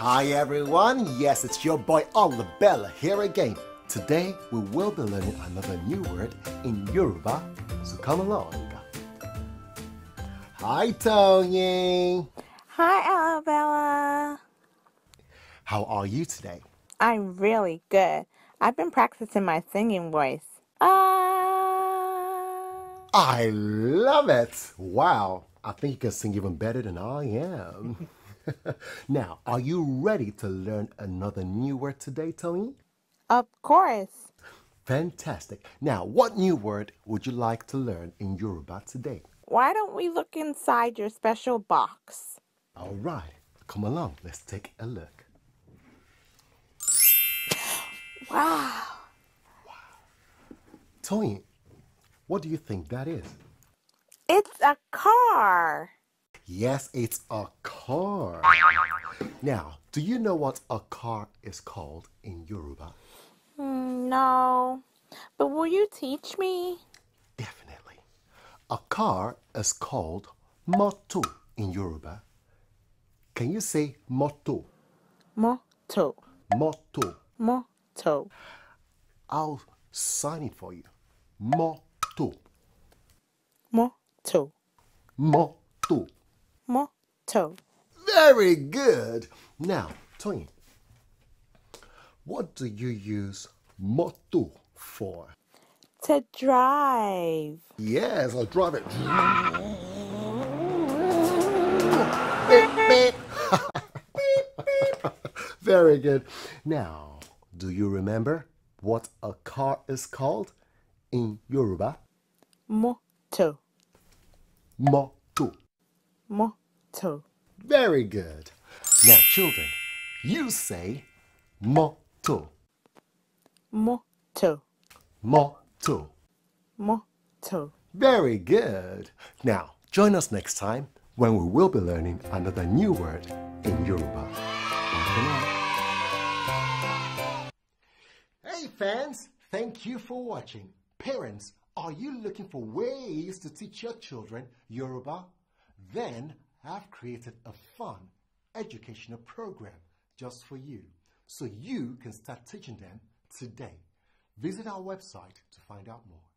Hi everyone, yes it's your boy Olabella here again. Today we will be learning another new word in Yoruba, so come along. Hi Tony. Hi Olabella. How are you today? I'm really good. I've been practicing my singing voice. Ah! I love it! Wow, I think you can sing even better than I am. now, are you ready to learn another new word today, Tony? Of course. Fantastic. Now, what new word would you like to learn in Yoruba today? Why don't we look inside your special box? All right, come along. Let's take a look. Wow. Wow. Tony, what do you think that is? It's a car. Yes, it's a car. Now, do you know what a car is called in Yoruba? Hmm, no, but will you teach me? Definitely. A car is called moto in Yoruba. Can you say moto? Moto. Moto. Moto. I'll sign it for you. Moto. Moto. Moto motto. Very good. Now, Tony, what do you use motto for? To drive. Yes, I'll drive it. Very good. Now, do you remember what a car is called in Yoruba? Moto. Moto motto. Very good. Now, children, you say motto. Motto. Motto. Motto. Very good. Now, join us next time when we will be learning another new word in Yoruba. Hey fans, thank you for watching. Parents, are you looking for ways to teach your children Yoruba then I've created a fun educational program just for you so you can start teaching them today. Visit our website to find out more.